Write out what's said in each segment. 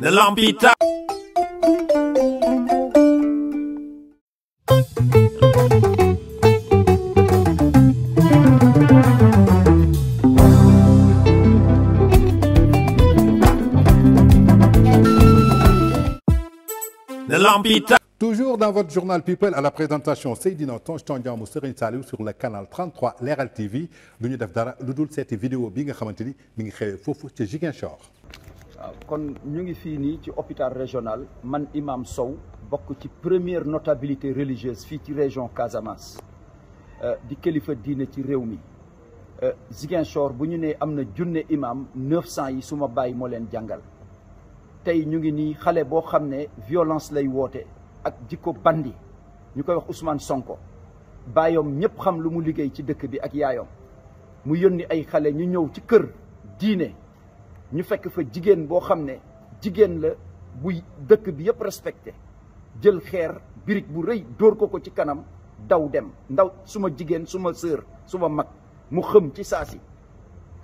de Lampita. Toujours dans votre journal People, à la présentation, C'est Tange Tandian Moussa ñu Salou sur le canal 33 l'RL TV lu ñu def dara cette vidéo bi nga xamante ni mi ngi vous foofu cette vidéo. kon ñu ngi fii nii ci hôpital régional man imam Sow bokk ci première notabilité religieuse fii ci région Casamance euh, di kilifa diine ci réew mi euh, Ziguinchor bu ñu nee am na junne imam neuf yi suma bàyyi moo leen jàngal tey ñu ngi nii xale boo xam ne violence lay woote ak jikko bandi ñu koy wax Ousmane Sonko baayom ñëpp xam lu mu liggéey ci dëkk bi ak yaayom mu yónni ay xale ñu ñëw ci kër diine ñu fekk fa jigéen boo xam ne jigéen la buy dëkk bi yëpp respecté jël xeer birig bu rëy dóor ko ko ci kanam daw dem ndaw suma jigéen suma sœur suma mag mu xëm ci saasi si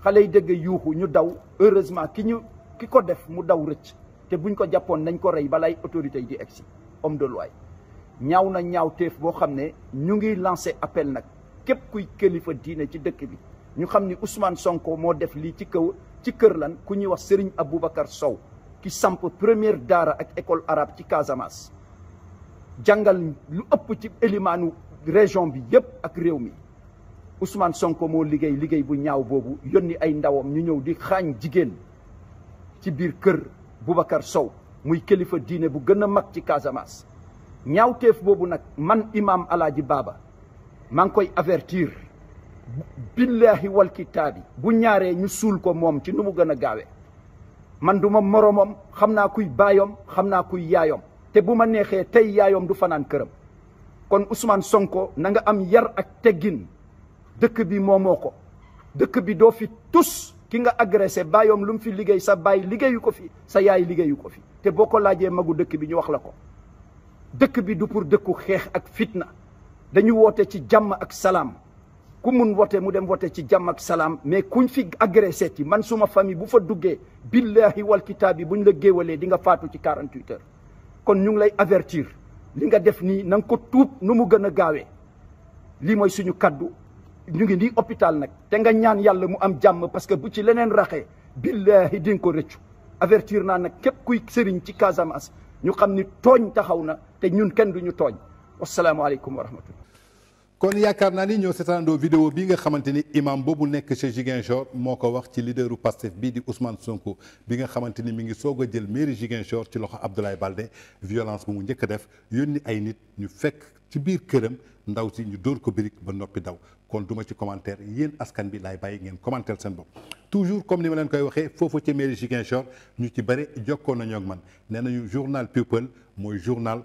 xale yi dégg yuuxu ñu daw heureusement ki ñu ki ko def mu daw rëcc te buñ ko jàppoon nañ ko rey balay autorité yi di egsi homme de loi ñaaw na ñaaw téef boo xam ne ñu ngi lancé appel nag képp kuy kilifa diine ci dëkk bi ñu xam ni Ousmane Sonko moo def lii ci kaw ci kër lan ku ñuy wax Serigne Aboubacar Sow ki samp première daara ak école arabe ci Casamance jàngal lu ëpp ci élimaanu région bi yépp ak réew mi Ousmane Sonko moo liggéey liggéey bu ñaaw boobu yónni ay ndawam ñu ñëw di xaañ jigéen ci biir kër Boubacar Sow muy kilifa diine bu gën a mag ci Casamance ñaawteef boobu nag man imaam Alaaji Baaba maa ngi koy avertir billaahi wal kitaabi bu ñaaree ñu suul ko moom ci nu mu gën a gaawee man du ma moroomam xam naa kuy baayom xam naa kuy yaayom te bu ma neexee tey yaayom du fanaan këram kon Ousmane Sonko na nga am yar ak teggin dëkk bi moomoo ko dëkk bi doo fi tus ki nga agressé baayom lu mu fi liggéey sa baay liggéeyu ko fi sa yaay liggéeyu ko fi te boo ko laajee magu dëkk bi ñu wax la ko dëkk bi du pour dëkku xeex ak fitna dañu woote ci jàmm ak salaam ku mun wote mu dem wote ci jàmm ak salaam mais kuñ fi agressé ci man suma famille bu fa duggee billahi wal kitaab bi buñ la géewalee di nga faatu ci 48 heures kon ñu ngi lay avertir li nga def nii na ko tuub nu mu gën a gaawee lii mooy suñu kaddu ñu ngi nii hôpital nag te nga ñaan yàlla mu am jàmm parce que bu ci leneen raxee billahi di nga ko rëccu avertir naa nag képp kuy sëriñ ci Casamance ñu xam ni tooñ taxaw na te ñun kenn du ñu tooñ wasalaamualeykum wa kon yaakaar naa ni ñoo seetaandoo vidéo bi nga xamante ni imam boobu nekk chez Ziguinchor moo ko wax ci leaderu Pastef bi di Ousmane Sonko bi nga xamante ni mi ngi soog a jël mairie Ziguinchor ci loxo Abdoulaye Balde violence bu mu njëkk def yónni ay nit ñu fekk ci biir këram ndaw si ñu dóor ko ba noppi daw kon duma ci commentaire yéen askan bi lay bàyyi ngeen commentaire seen bopp toujours comme ni ma leen koy waxee foofu ci mairie Ziguinchor ñu ci bëri jokkoon nañoo ak man nee nañu journal People mooy journal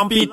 tant